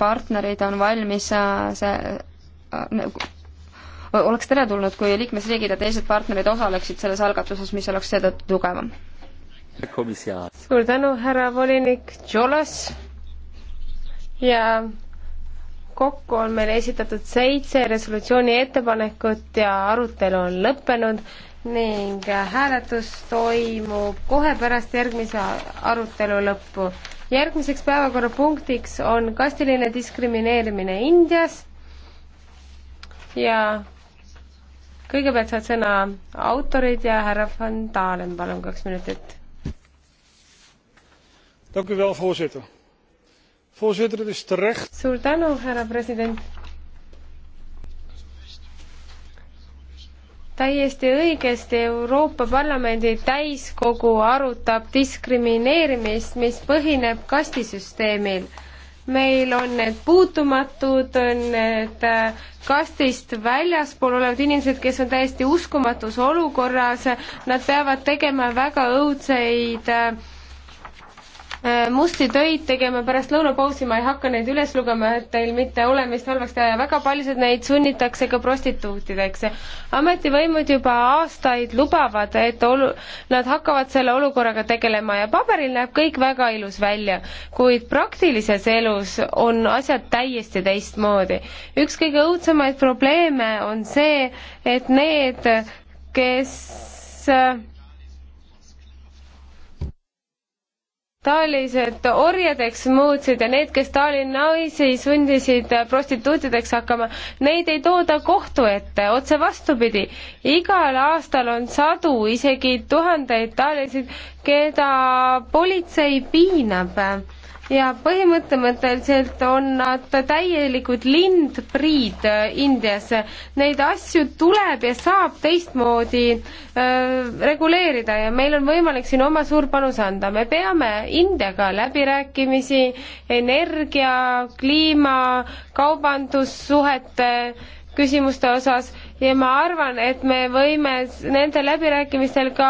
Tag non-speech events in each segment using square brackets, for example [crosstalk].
partnerid on valmis äh, see äh, oleks teretulnud, kui liikmesriigid ja teised partnerid osaleksid selles algatuses, mis oleks seetõttu tugevam. suur tänu, härra volinik Tšolas ja kokku on meile esitatud seitse resolutsiooni ettepanekut ja arutelu on lõppenud ning hääletus toimub kohe pärast järgmise arutelu lõppu. järgmiseks päevakorrapunktiks on kastiline diskrimineerimine Indias ja kõigepealt saad sõna autorid ja härra Van Dalen, palun kaks minutit. suur tänu, härra president täiesti õigesti Euroopa Parlamendi täiskogu arutab diskrimineerimist, mis põhineb kastisüsteemil. meil on need puutumatud, need äh, kastist väljaspool olevad inimesed, kes on täiesti uskumatus olukorras, nad peavad tegema väga õudseid äh, Äh, musti töid tegema pärast lõunapausi, ma ei hakka neid üles lugema, et teil mitte olemist halvaks teha ja väga paljusid neid sunnitakse ka prostituutideks. ametivõimud juba aastaid lubavad, et olu-, nad hakkavad selle olukorraga tegelema ja paberil näeb kõik väga ilus välja, kuid praktilises elus on asjad täiesti teistmoodi. üks kõige õudsemaid probleeme on see, et need, kes taolised orjadeks muutsid ja need, kes Tallinna naisi sundisid prostituutideks hakkama, neid ei tooda kohtu ette, otse vastupidi. igal aastal on sadu, isegi tuhandeid taolisi, keda politsei piinab ja põhimõtteliselt on nad täielikud lindpriid äh, Indias. Neid asju tuleb ja saab teistmoodi äh, reguleerida ja meil on võimalik siin oma suur panus anda. me peame Indiaga läbirääkimisi energia, kliima, kaubandussuhete küsimuste osas ja ma arvan, et me võime nende läbirääkimistel ka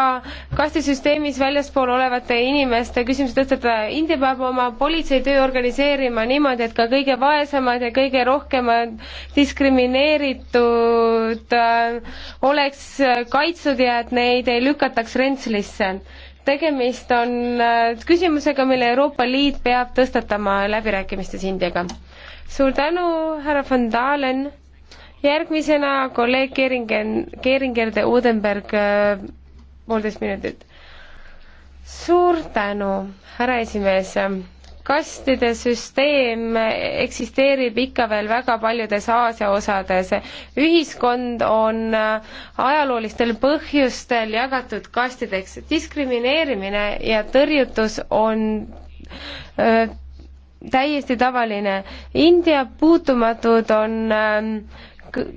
kastisüsteemis väljaspool olevate inimeste küsimusi tõstatada. India peab oma politseitöö organiseerima niimoodi, et ka kõige vaesemad ja kõige rohkemad diskrimineeritud äh, oleks kaitstud ja et neid ei lükataks rentslisse tegemist on äh, küsimusega, mille Euroopa Liit peab tõstatama läbirääkimistes Indiaga. suur tänu, härra von Dahlen järgmisena kolleeg Keringen, Keringer de Udenberg, äh, poolteist minutit. suur tänu, härra esimees. kastide süsteem eksisteerib ikka veel väga paljudes Aasia osades. ühiskond on äh, ajaloolistel põhjustel jagatud kastideks. diskrimineerimine ja tõrjutus on öö, äh, täiesti tavaline. India puutumatud on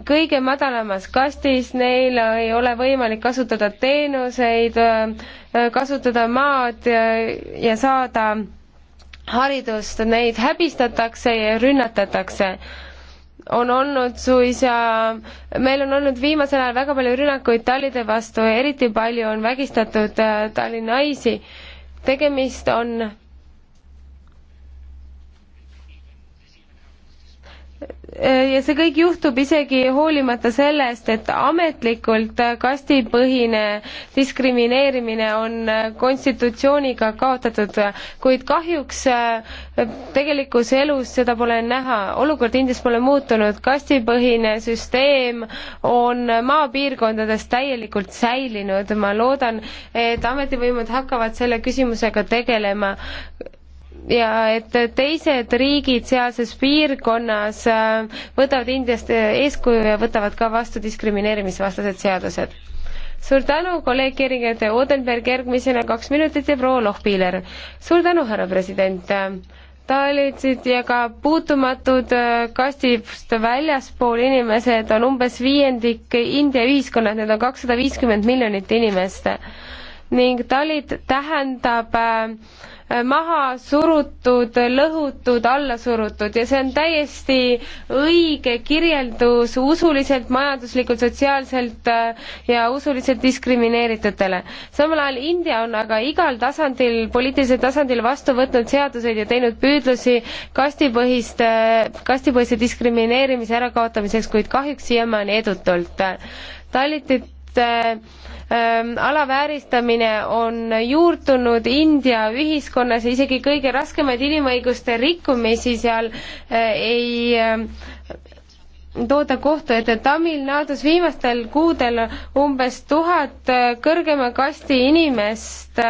kõige madalamas kastis, neil ei ole võimalik kasutada teenuseid, äh, kasutada maad ja, äh, ja saada haridust, neid häbistatakse ja rünnatatakse. on olnud suisa, meil on olnud viimasel ajal väga palju rünnakuid tallide vastu ja eriti palju on vägistatud äh, tali naisi. tegemist on ja see kõik juhtub isegi hoolimata sellest, et ametlikult kastipõhine diskrimineerimine on konstitutsiooniga kaotatud, kuid kahjuks eh, tegelikus elus seda pole näha. olukord Indias pole muutunud, kastipõhine süsteem on maapiirkondades täielikult säilinud. ma loodan, et ametivõimud hakkavad selle küsimusega tegelema ja et teised riigid sealses piirkonnas äh, võtavad Indiast äh, eeskuju ja võtavad ka vastu diskrimineerimisvastased seadused. suur tänu, kolleeg Keringer de Odenberg, järgmisena kaks minutit ja proua Lohpiiler. suur tänu, härra president. talitsid ja ka puutumatud äh, kastist väljaspool inimesed on umbes viiendik India ühiskonnast, need on kakssada viiskümmend miljonit inimest ning talit tähendab äh, maha surutud, lõhutud, alla surutud ja see on täiesti õige kirjeldus usuliselt, majanduslikult, sotsiaalselt äh, ja usuliselt diskrimineeritutele. samal ajal India on aga igal tasandil, poliitilisel tasandil vastu võtnud seaduseid ja teinud püüdlusi kastipõhiste, kastipõhise diskrimineerimise ärakaotamiseks, kuid kahjuks siiamaani edutult. talitit Äh, ähm, alavääristamine on juurdunud India ühiskonnas ja isegi kõige raskemaid inimõiguste rikkumisi seal äh, ei äh, tooda kohtu ette. Tamil Nadus viimastel kuudel umbes tuhat kõrgema kasti inimest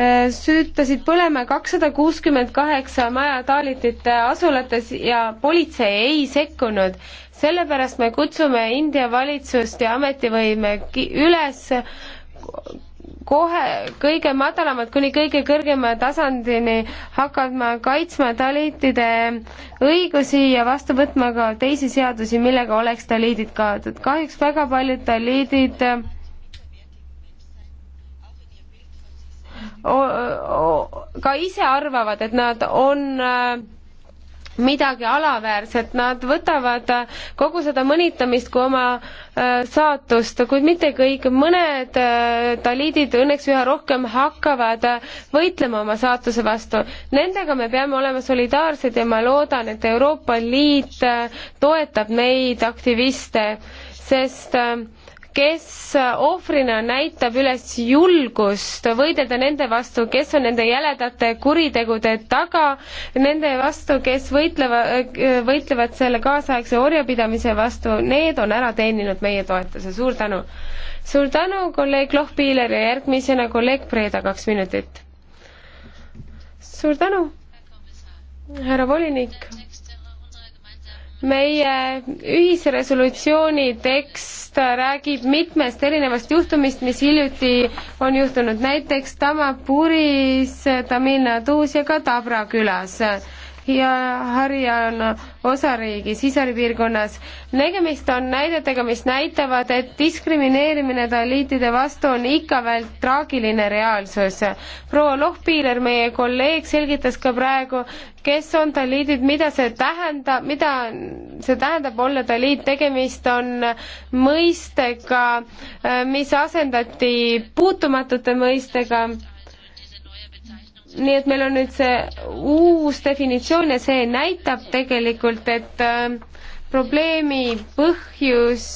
Äh, süütasid põlema kakssada kuuskümmend kaheksa maja taalitite äh, asulates ja politsei ei sekkunud. sellepärast me kutsume India valitsust ja ametivõime üles kohe kõige madalamalt kuni kõige kõrgema tasandini hakkama kaitsma talitide õigusi ja vastu võtma ka teisi seadusi, millega oleks taliidid kaotatud. kahjuks väga paljud taliidid ka ise arvavad, et nad on äh, midagi alaväärset, nad võtavad äh, kogu seda mõnitamist kui oma äh, saatust, kuid mitte kõik, mõned taliidid õnneks üha rohkem hakkavad võitlema oma saatuse vastu. Nendega me peame olema solidaarsed ja ma loodan, et Euroopa Liit toetab neid aktiviste, sest äh, kes ohvrina näitab üles julgust võidelda nende vastu, kes on nende jäledate kuritegude taga, nende vastu, kes võitlevad, võitlevad selle kaasaegse orjapidamise vastu, need on ära teeninud meie toetuse, suur tänu! suur tänu, kolleeg Lohpiiler ja järgmisena kolleeg Preeda, kaks minutit! suur tänu, härra volinik! meie ühisresolutsiooni tekst räägib mitmest erinevast juhtumist, mis hiljuti on juhtunud, näiteks Tamapuris, Tamilnadus ja ka Tabra külas ja Harijana osariigi siseripiirkonnas. tegemist on näidetega, mis näitavad, et diskrimineerimine daliitide vastu on ikka veel traagiline reaalsus. proua Lohpiiler, meie kolleeg, selgitas ka praegu, kes on daliidid, mida see tähendab, mida see tähendab olla daliit, tegemist on mõistega, mis asendati puutumatute mõistega nii et meil on nüüd see uus definitsioon ja see näitab tegelikult, et äh, probleemi põhjus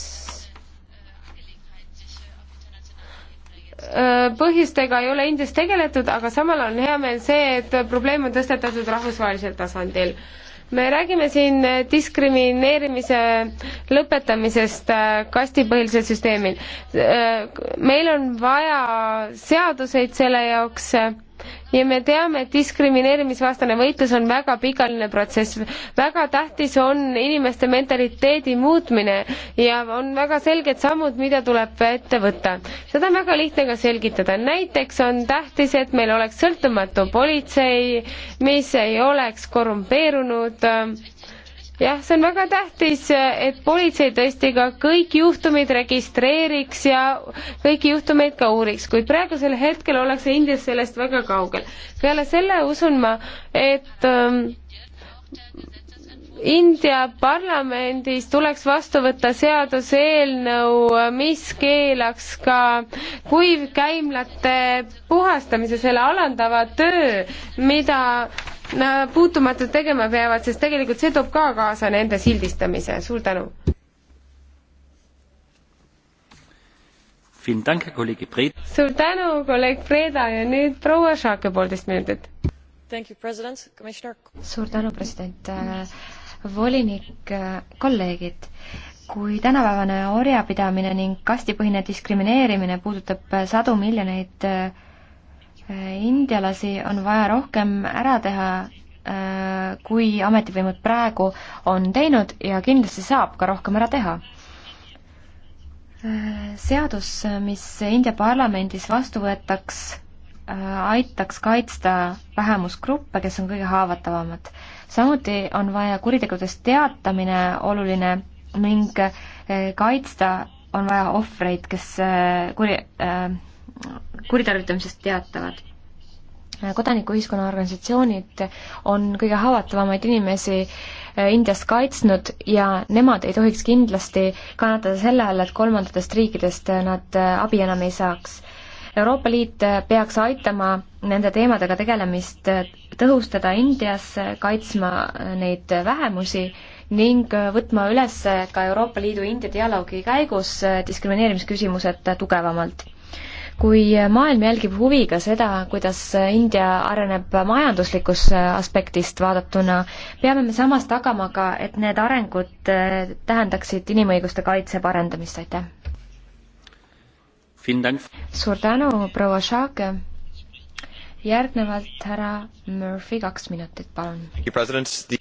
äh, põhjustega ei ole Indias tegeletud, aga samal on hea meel see, et probleem on tõstetatud rahvusvahelisel tasandil me räägime siin diskrimineerimise lõpetamisest äh, kastipõhilisel süsteemil. meil on vaja seaduseid selle jaoks ja me teame, et diskrimineerimisvastane võitlus on väga pikaline protsess. väga tähtis on inimeste mentaliteedi muutmine ja on väga selged sammud, mida tuleb ette võtta. seda on väga lihtne ka selgitada. näiteks on tähtis, et meil oleks sõltumatu politsei, mis ei oleks korrumpeerunud jah, see on väga tähtis, et politsei tõesti ka kõik juhtumid registreeriks ja kõiki juhtumeid ka uuriks, kuid praegusel hetkel ollakse Indias sellest väga kaugel. peale selle usun ma, et ähm, India parlamendis tuleks vastu võtta seaduseelnõu, mis keelaks ka kuivkäimlate puhastamise, selle alandava töö, mida Äh, puutumatud tegema peavad, sest tegelikult see toob ka kaasa nende sildistamise, suur tänu. suur tänu, kolleeg Freda ja nüüd proua Šake poolteist minutit. suur tänu, president, äh, volinik, äh, kolleegid kui tänapäevane orjapidamine ning kastipõhine diskrimineerimine puudutab sadu miljoneid äh, indialasi on vaja rohkem ära teha, äh, kui ametivõimud praegu on teinud ja kindlasti saab ka rohkem ära teha. Äh, seadus, mis India parlamendis vastu võetaks, äh, aitaks kaitsta vähemusgruppe, kes on kõige haavatavamad. samuti on vaja kuritegudest teatamine oluline ning kaitsta on vaja ohvreid, kes kuri- äh,, kuritarvitamisest teatavad kodanikuühiskonna organisatsioonid on kõige haavatavamaid inimesi eh, Indias kaitsnud ja nemad ei tohiks kindlasti kannatada selle all, et kolmandatest riikidest nad eh, abi enam ei saaks. Euroopa Liit eh, peaks aitama nende teemadega tegelemist tõhustada Indias, kaitsma neid vähemusi ning võtma üles ka Euroopa Liidu India dialoogi käigus diskrimineerimisküsimused tugevamalt kui maailm jälgib huviga seda, kuidas India areneb majanduslikust aspektist vaadatuna, peame me samas tagama ka, et need arengud äh, tähendaksid inimõiguste kaitse parendamist, aitäh! suur tänu, proua Šaake! järgnevalt härra Murphy, kaks minutit, palun.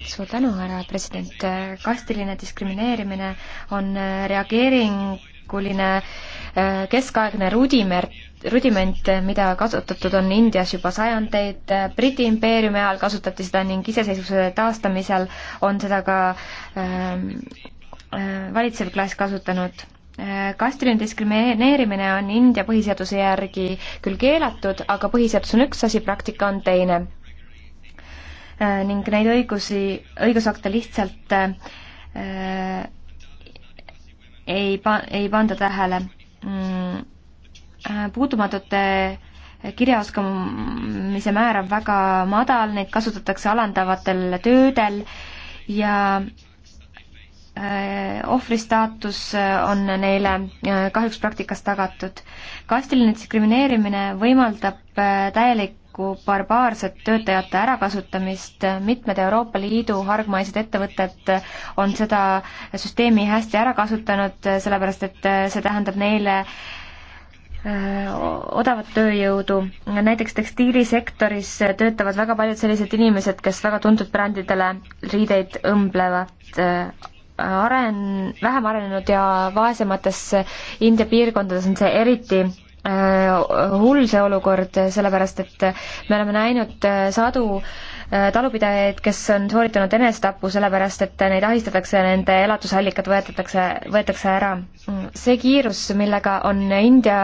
suur tänu, härra president. kastiline diskrimineerimine on reageering klassikuline äh, keskaegne rudimer, rudiment, mida kasutatud on Indias juba sajandeid, Briti impeeriumi ajal kasutati seda ning iseseisvuse taastamisel on seda ka ähm, äh, valitsev klass kasutanud äh, kastiline diskrimineerimine on India põhiseaduse järgi küll keelatud, aga põhiseadus on üks asi, praktika on teine. ning neid õigusi, õigusakte lihtsalt äh, ei pa-, ei panda tähele mm,. Äh, puutumatute kirjaoskamise määr on väga madal, neid kasutatakse alandavatel töödel ja äh, ohvri staatus äh, on neile kahjuks praktikas tagatud. kastiline diskrimineerimine võimaldab täielik paraku nagu barbaarset töötajate ärakasutamist, mitmed Euroopa Liidu hargmaised ettevõtted on seda süsteemi hästi ära kasutanud, sellepärast et see tähendab neile äh, odavat tööjõudu, näiteks tekstiilisektoris töötavad väga paljud sellised inimesed, kes väga tuntud brändidele riideid õmblevad, aren-, vähem arenenud ja vaesemates India piirkondades on see eriti Äh, hull see olukord, sellepärast et me oleme näinud äh, sadu äh, talupidajaid, kes on sooritanud enesetapu sellepärast, et neid ahistatakse, nende elatusallikad võetatakse, võetakse ära. see kiirus, millega on India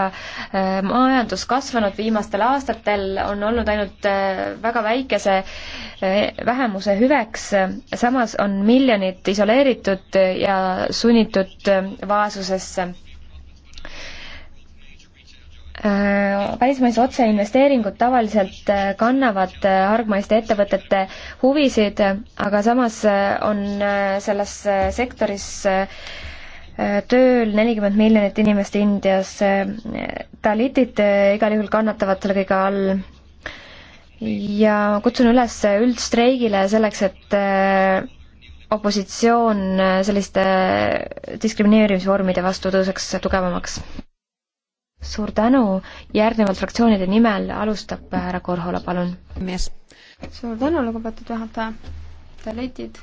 majandus kasvanud viimastel aastatel, on olnud ainult väga väikese vähemuse hüveks, samas on miljonid isoleeritud ja sunnitud vaesusesse Äh, välismaised otseinvesteeringud tavaliselt äh, kannavad äh, hargmaiste ettevõtete huvisid, aga samas on selles sektoris tööl nelikümmend miljonit inimest Indias. talitid igal juhul kannatavad selle kõige all. ja kutsun üles üldstreigile selleks, et opositsioon selliste diskrimineerimisvormide vastu tõuseks tugevamaks? suur tänu, järgnevalt fraktsioonide nimel alustab härra Korhola, palun. suur tänu, lugupeetud juhataja. Dalitid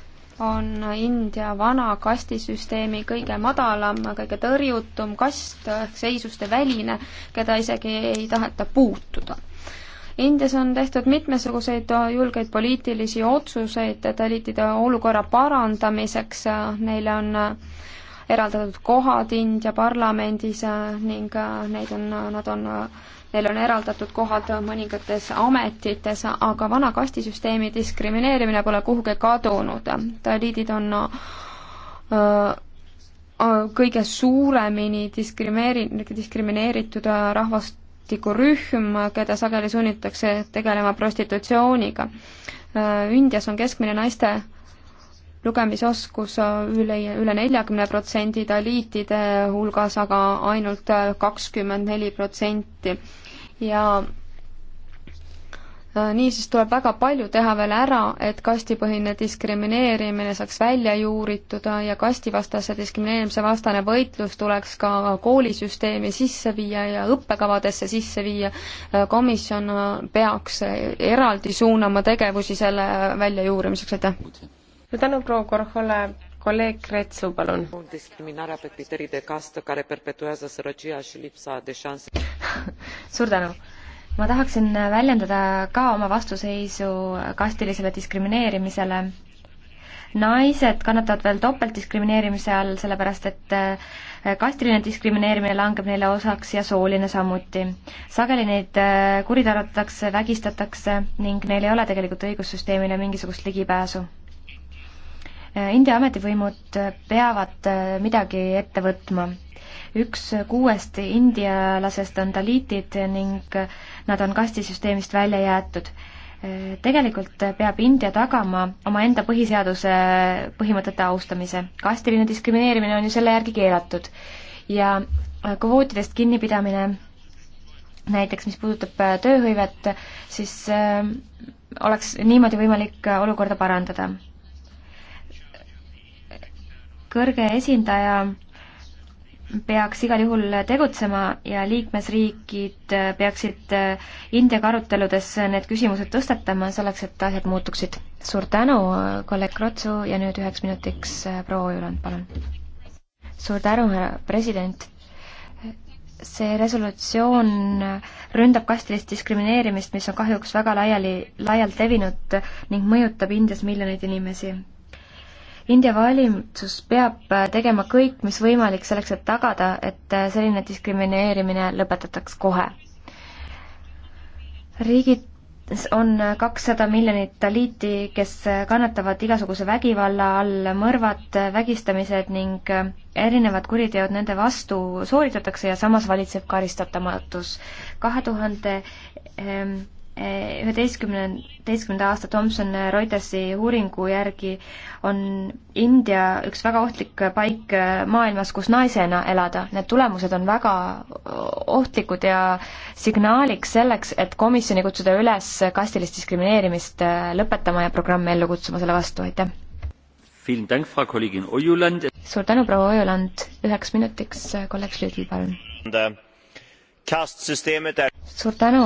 on India vana kastisüsteemi kõige madalam, kõige tõrjutum kast ehk seisuste väline, keda isegi ei taheta puutuda. Indias on tehtud mitmesuguseid julgeid poliitilisi otsuseid Dalitide olukorra parandamiseks, neile on äh, eraldatud kohad India parlamendis äh, ning äh, neid on, nad on, äh, neil on eraldatud kohad mõningates ametites, aga vana kastisüsteemi diskrimineerimine pole kuhugi kadunud. taliidid on kõige suuremini diskrimineeri-, diskrimineeritud rahvastikurühm, keda sageli sunnitakse tegelema prostitutsiooniga. Indias on keskmine naiste lugemisoskus üle, üle neljakümne protsendi taliitide hulgas, aga ainult kakskümmend neli protsenti. ja äh, niisiis tuleb väga palju teha veel ära, et kastipõhine diskrimineerimine saaks välja juuritud ja kastivastase diskrimineerimise vastane võitlus tuleks ka koolisüsteemi sisse viia ja õppekavadesse sisse viia. Äh, komisjon peaks eraldi suunama tegevusi selle väljajuurimiseks, aitäh! suur tänu, proua Korhola, kolleeg Kretsu, palun. discriminarea pe criterii de castă care perpetuează sărăcia și lipsa de șanse. [laughs] suur tänu ma tahaksin väljendada ka oma vastuseisu kastilisele diskrimineerimisele. naised kannatavad veel topeltdiskrimineerimise all, sellepärast et äh, kastiline diskrimineerimine langeb neile osaks ja sooline samuti. sageli neid äh, kuritarvitatakse, vägistatakse ning neil ei ole tegelikult õigussüsteemile mingisugust ligipääsu Äh, India ametivõimud äh, peavad äh, midagi ette võtma. üks kuuest indialasest on daliitid ning nad on kastisüsteemist välja jäetud. Tegelikult peab India tagama omaenda põhiseaduse põhimõtete austamise. kastiline diskrimineerimine on ju selle järgi keelatud ja kvootidest kinnipidamine, näiteks mis puudutab tööhõivet, siis oleks niimoodi võimalik olukorda parandada kõrge esindaja peaks igal juhul tegutsema ja liikmesriigid peaksid Indiaga aruteludes need küsimused tõstatama selleks, et asjad muutuksid. suur tänu, kolleeg Krotsu ja nüüd üheks minutiks äh, proua Ojuland, palun. suur tänu, härra president. see resolutsioon ründab kastilist diskrimineerimist, mis on kahjuks väga laiali, laialt levinud ning mõjutab Indias miljoneid inimesi India valitsus peab äh, tegema kõik, mis võimalik selleks, et tagada, et äh, selline diskrimineerimine lõpetataks kohe. riigid on äh, kakssada miljonit taliiti, kes kannatavad igasuguse vägivalla all, mõrvad, vägistamised ning erinevad kuriteod nende vastu sooritatakse ja samas valitseb karistamatus. kahe tuhande ehm, üheteistkümnenda aasta Thomson Reutersi uuringu järgi on India üks väga ohtlik paik maailmas, kus naisena elada. Need tulemused on väga ohtlikud ja signaaliks selleks, et komisjoni kutsuda üles kastilist diskrimineerimist lõpetama ja programmi ellu kutsuma selle vastu, aitäh! suur tänu, proua Ojuland, üheks minutiks kolleeg Schlüter, palun! suur tänu!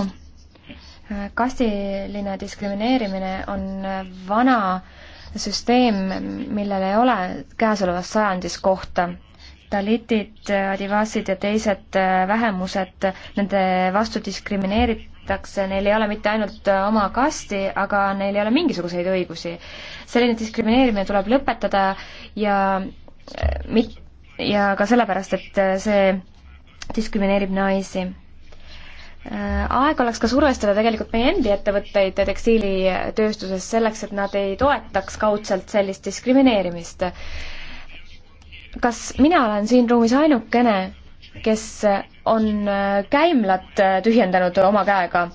kastiline diskrimineerimine on vana süsteem, millel ei ole käesolevas sajandis kohta talitid, adivasid ja teised äh, vähemused, nende vastu diskrimineeritakse, neil ei ole mitte ainult äh, oma kasti, aga neil ei ole mingisuguseid õigusi. selline diskrimineerimine tuleb lõpetada ja äh, mit-, ja ka sellepärast, et see diskrimineerib naisi Äh, aeg oleks ka survestada tegelikult meie endi ettevõtteid tekstiilitööstuses selleks, et nad ei toetaks kaudselt sellist diskrimineerimist. kas mina olen siin ruumis ainukene, kes on äh, käimlat äh, tühjendanud oma käega?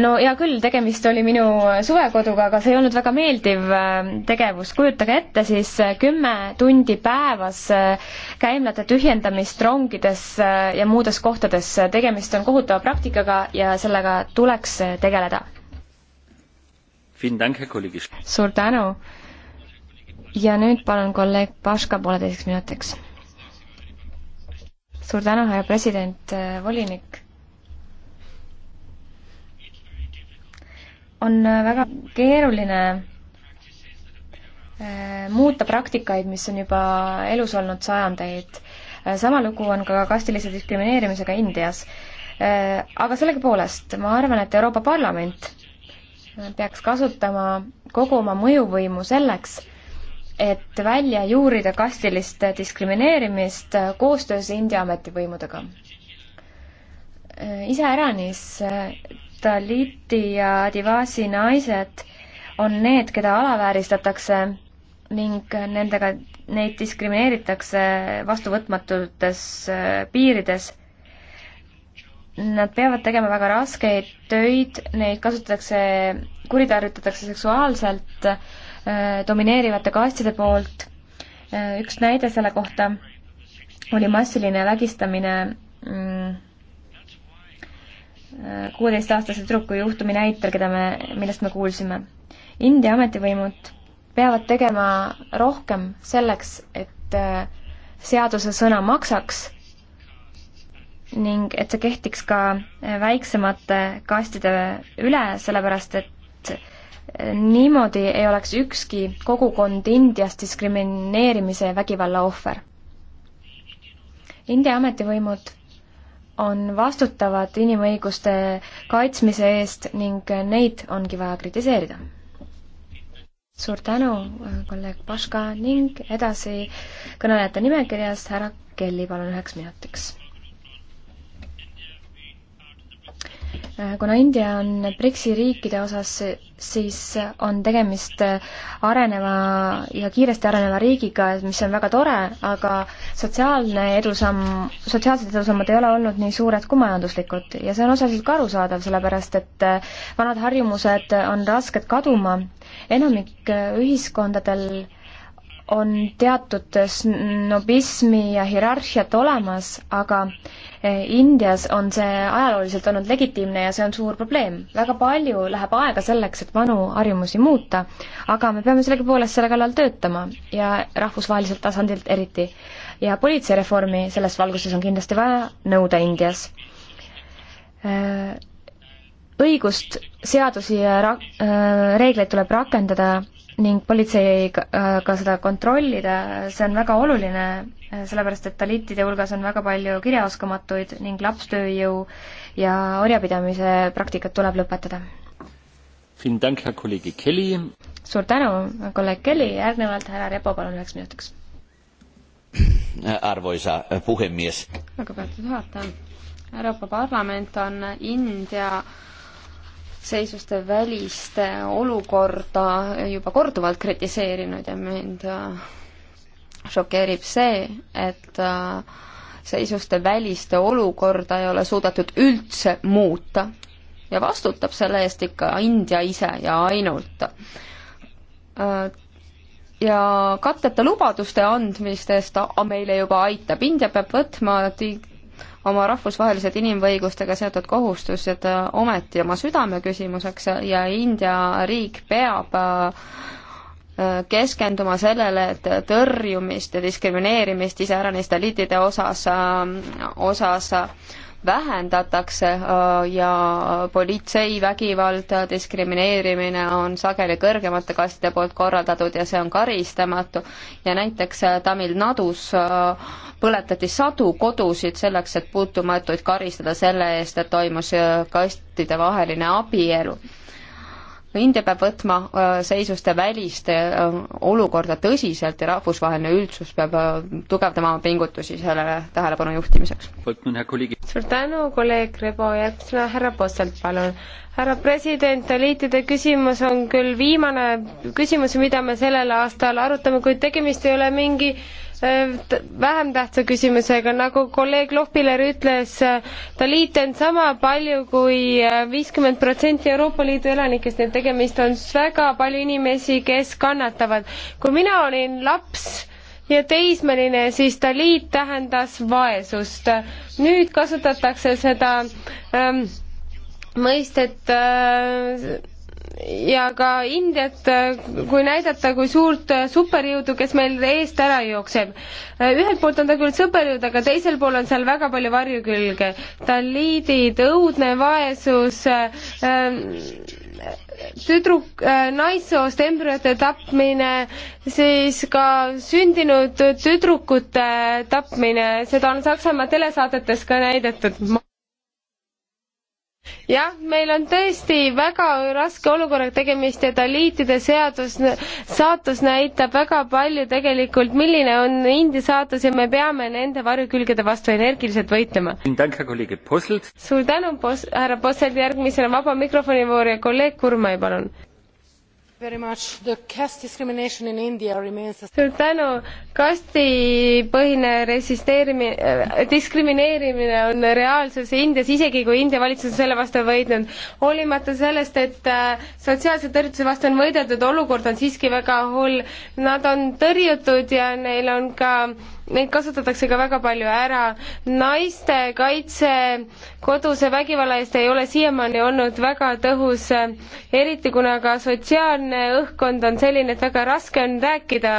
no hea küll, tegemist oli minu suvekoduga, aga see ei olnud väga meeldiv äh, tegevus. kujutage ette siis äh, kümme tundi päevas äh, käimlate tühjendamist rongides ja muudes kohtades. tegemist on kohutava praktikaga ja sellega tuleks tegeleda. suur tänu. ja nüüd palun kolleeg Paška pooleteiseks minutiks. suur tänu, härra president, volinik on äh, väga keeruline äh, muuta praktikaid, mis on juba elus olnud sajandeid. Äh, sama lugu on ka kastilise diskrimineerimisega Indias. Aga sellegipoolest, ma arvan, et Euroopa Parlament peaks kasutama kogu oma mõjuvõimu selleks, et välja juurida kastilist diskrimineerimist koostöös India ametivõimudega. iseäranis Taliti ja Adivasi naised on need, keda alavääristatakse ning nendega, neid diskrimineeritakse vastuvõtmatutes äh, piirides. Nad peavad tegema väga raskeid töid, neid kasutatakse, kuritarvitatakse seksuaalselt äh, domineerivate kastide poolt. Äh, üks näide selle kohta oli massiline vägistamine mm, kuueteistaastase tüdruku juhtumi näitel, keda me, millest me kuulsime. India ametivõimud peavad tegema rohkem selleks, et äh, seaduse sõna maksaks ning et see kehtiks ka äh, väiksemate kastide üle, sellepärast et äh, niimoodi ei oleks ükski kogukond Indias diskrimineerimise ja vägivalla ohver. India ametivõimud on vastutavad inimõiguste kaitsmise eest ning neid ongi vaja kritiseerida. suur tänu, kolleeg Paška ning edasi kõnelejate nimekirjas härra Kelly, palun üheks minutiks kuna India on BRICS-i riikide osas, siis on tegemist areneva ja kiiresti areneva riigiga, mis on väga tore, aga sotsiaalne edusamm, sotsiaalsed edusammud ei ole olnud nii suured kui majanduslikud ja see on osaliselt ka arusaadav, sellepärast et vanad harjumused on rasked kaduma. enamik ühiskondadel on teatud snobismi ja hierarhiat olemas, aga eh, Indias on see ajalooliselt olnud legitiimne ja see on suur probleem. väga palju läheb aega selleks, et vanu harjumusi muuta, aga me peame sellegipoolest selle kallal töötama ja rahvusvaheliselt tasandilt eriti. ja politseireformi selles valguses on kindlasti vaja nõuda Indias. Eh, õigust, seadusi ja ra-, eh, reegleid tuleb rakendada ning politsei ka, äh, ka seda kontrollida, see on väga oluline, äh, sellepärast et talitide hulgas on väga palju kirjaoskamatuid ning lapstööjõu ja orjapidamise praktikat tuleb lõpetada. suur tänu, kolleeg Kelly, järgnevalt härra Repo, palun üheks minutiks. arvoisa puhemees. lugupeetud juhataja, Euroopa Parlament on India äh, seisuste välist olukorda juba korduvalt kritiseerinud ja mind äh, šokeerib see, et äh, seisuste väliste olukorda ei ole suudetud üldse muuta. ja vastutab selle eest ikka India ise ja ainult. Äh, ja katteta lubaduste andmistest meile juba aitab, India peab võtma oma rahvusvahelised inimõigustega seotud kohustused äh, ometi oma südameküsimuseks ja India riik peab äh, äh, keskenduma sellele, et tõrjumist ja diskrimineerimist iseäranis deliitide osas, osas vähendatakse äh, ja politseivägivald, diskrimineerimine on sageli kõrgemate kastide poolt korraldatud ja see on karistamatu. ja näiteks äh, Tamil Nadus äh, põletati sadu kodusid selleks, et puutumatuid karistada selle eest, et toimus kastide vaheline abielu India peab võtma seisuste välist olukorda tõsiselt ja rahvusvaheline üldsus peab tugevdama pingutusi sellele tähelepanu juhtimiseks. suur tänu, kolleeg Rebo, järgmisena härra Posselt, palun. härra president, eliitide küsimus on küll viimane küsimus, mida me sellel aastal arutame, kuid tegemist ei ole mingi Äh, vähem tähtsa küsimusega, nagu kolleeg Lohpiller ütles, äh, ta liit on sama palju kui äh, viiskümmend protsenti Euroopa Liidu elanikest, nii et tegemist on väga palju inimesi, kes kannatavad. kui mina olin laps, ja teismeline, siis Dalit tähendas vaesust. nüüd kasutatakse seda ähm, mõistet äh, ja ka Indiat, kui näidata kui suurt superjõudu, kes meil eest ära jookseb. ühelt poolt on ta küll superjõud, aga teisel pool on seal väga palju varjukülge. taliidid, õudne vaesus äh,, tüdruk äh,, naissoost embrüote tapmine, siis ka sündinud tüdrukute tapmine, seda on Saksamaa telesaadetes ka näidatud jah, meil on tõesti väga raske olukorraga tegemist ja taliitide seadus, saatus näitab väga palju tegelikult, milline on India saatus ja me peame nende varjukülgede vastu energiliselt võitlema. suur tänu, härra Posselt, järgmisena vaba mikrofoni voor ja kolleeg Kurmai, palun suur tänu kastipõhine resisteerimine äh, diskrimineerimine on reaalsus indias isegi kui india valitsus on selle vastu võidelnud hoolimata sellest et äh, sotsiaalse tõrjutuse vastu on võideldud olukord on siiski väga hull nad on tõrjutud ja neil on ka neid kasutatakse ka väga palju ära. naiste kaitse koduse vägivalla eest ei ole siiamaani olnud väga tõhus, eriti kuna ka sotsiaalne õhkkond on selline, et väga raske on rääkida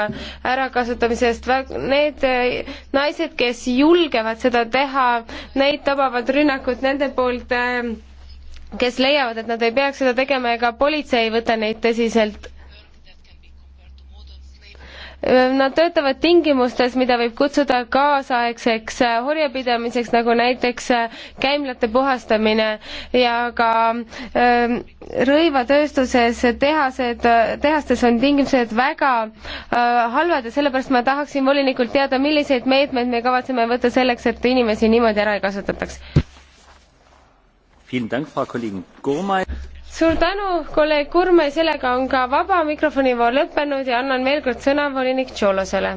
ärakasutamisest. Need eh, naised, kes julgevad seda teha, neid tabavad rünnakud nende poolt, eh, kes leiavad, et nad ei peaks seda tegema ega politsei ei võta neid tõsiselt Nad töötavad tingimustes, mida võib kutsuda kaasaegseks orjapidamiseks, äh, nagu näiteks äh, käimlate puhastamine ja ka ähm, rõivatööstuses tehased, tehastes on tingimused väga äh, halvad ja sellepärast ma tahaksin volinikult teada, milliseid meetmeid me kavatseme võtta selleks, et inimesi niimoodi ära ei kasutataks suur tänu, kolleeg Kurme, sellega on ka vaba mikrofoni voor lõppenud ja annan veel kord sõna volinik Tšolosele.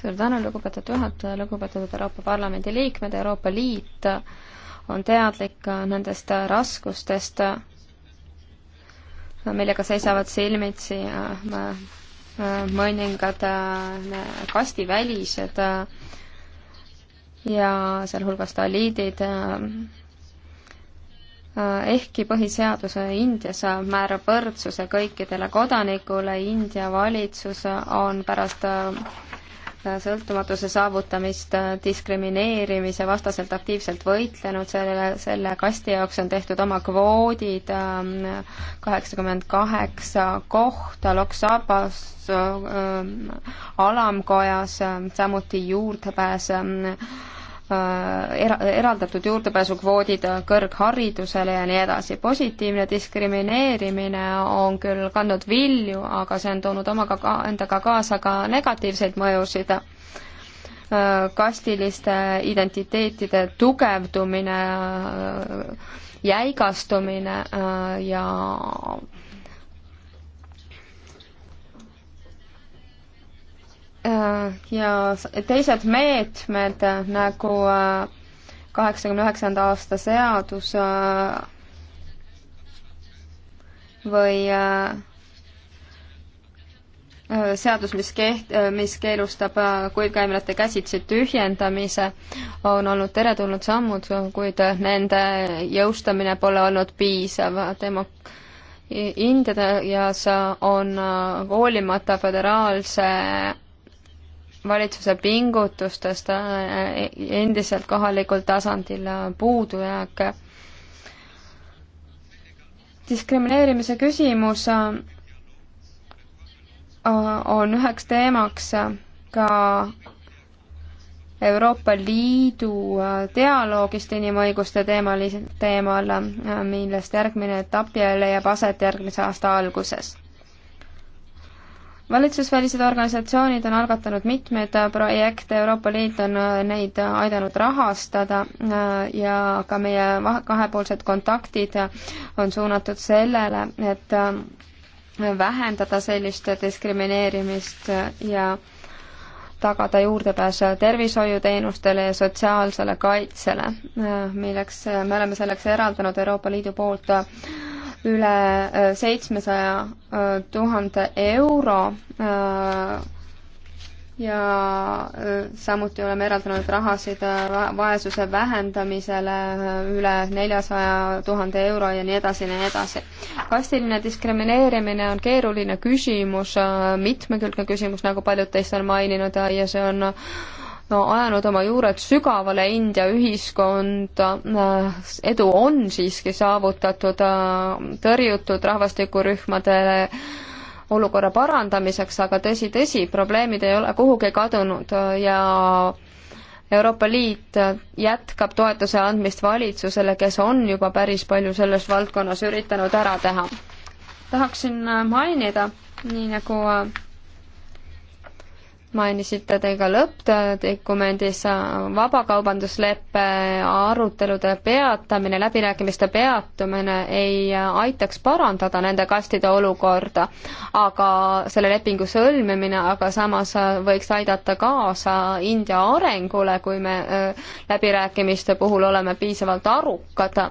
suur tänu, lugupeetud juhataja, lugupeetud Euroopa Parlamendi liikmed, Euroopa Liit on teadlik nendest raskustest, millega seisavad silmitsi mõningad äh, kastivälised äh, ja sealhulgas taliidid. Äh, ehkki põhiseaduse Indias määrab võrdsuse kõikidele kodanikule, India valitsus on pärast sõltumatuse saavutamist diskrimineerimise vastaselt aktiivselt võitlenud, sellele, selle kasti jaoks on tehtud oma kvoodid, ähm, kaheksakümmend kaheksa kohta Loksabas, ähm, alamkojas, ähm, samuti juurdepääs Äh, era-, eraldatud juurdepääsukvoodid kõrgharidusele ja nii edasi. positiivne diskrimineerimine on küll kandnud vilju, aga see on toonud omaga ka, endaga kaasa ka negatiivseid mõjusid. Äh, kastiliste identiteetide tugevdumine, äh, jäigastumine ja Äh, ja teised meetmed äh, nagu äh, kaheksakümne üheksanda aasta seadus või seadus, mis keht-, mis keelustab kuivkäimlate käsitsi tühjendamise, on olnud teretulnud sammud, kuid nende jõustamine pole olnud piisav. tema Indias on hoolimata föderaalse valitsuse pingutustest äh, endiselt kohalikul tasandil äh, puudujääke. diskrimineerimise küsimus äh, on üheks teemaks ka Euroopa Liidu dialoogist inimõiguste teemal, teemal, millest järgmine etapp leiab aset järgmise aasta alguses valitsusvälised organisatsioonid on algatanud mitmeid projekte, Euroopa Liit on äh, neid aidanud rahastada äh, ja ka meie kahepoolsed kontaktid on suunatud sellele, et äh, vähendada sellist diskrimineerimist ja tagada juurdepääs tervishoiuteenustele ja sotsiaalsele kaitsele, milleks me oleme selleks eraldanud Euroopa Liidu poolt üle äh, seitsmesaja äh, tuhande euro äh, ja samuti oleme eraldanud rahasid vaesuse vähendamisele üle neljasaja tuhande euro ja nii edasi ja nii edasi. kastiline diskrimineerimine on keeruline küsimus, mitmekülgne küsimus, nagu paljud teist on maininud ja see on no, ajanud oma juured sügavale India ühiskonda, äh, edu on siiski saavutatud äh, tõrjutud rahvastikurühmadele olukorra parandamiseks, aga tõsi, tõsi, probleemid ei ole kuhugi kadunud äh, ja Euroopa Liit jätkab toetuse andmist valitsusele, kes on juba päris palju selles valdkonnas üritanud ära teha. tahaksin mainida, nii nagu mainisite te ka lõppdokumendis vabakaubandusleppe arutelude peatamine, läbirääkimiste peatumine ei aitaks parandada nende kastide olukorda, aga selle lepingu sõlmimine aga samas võiks aidata kaasa India arengule, kui me äh, läbirääkimiste puhul oleme piisavalt arukad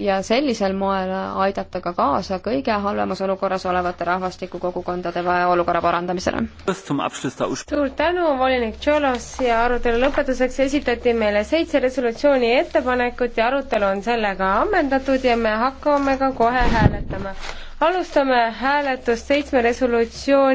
ja sellisel moel aidata ka kaasa kõige halvemas olukorras olevate rahvastikukogukondade olukorra parandamisele. suur tänu, volinik Tšolos ja arutelu lõpetuseks esitati meile seitse resolutsiooni ettepanekut ja arutelu on sellega ammendatud ja me hakkame ka kohe hääletama. alustame hääletust seitsme resolutsiooni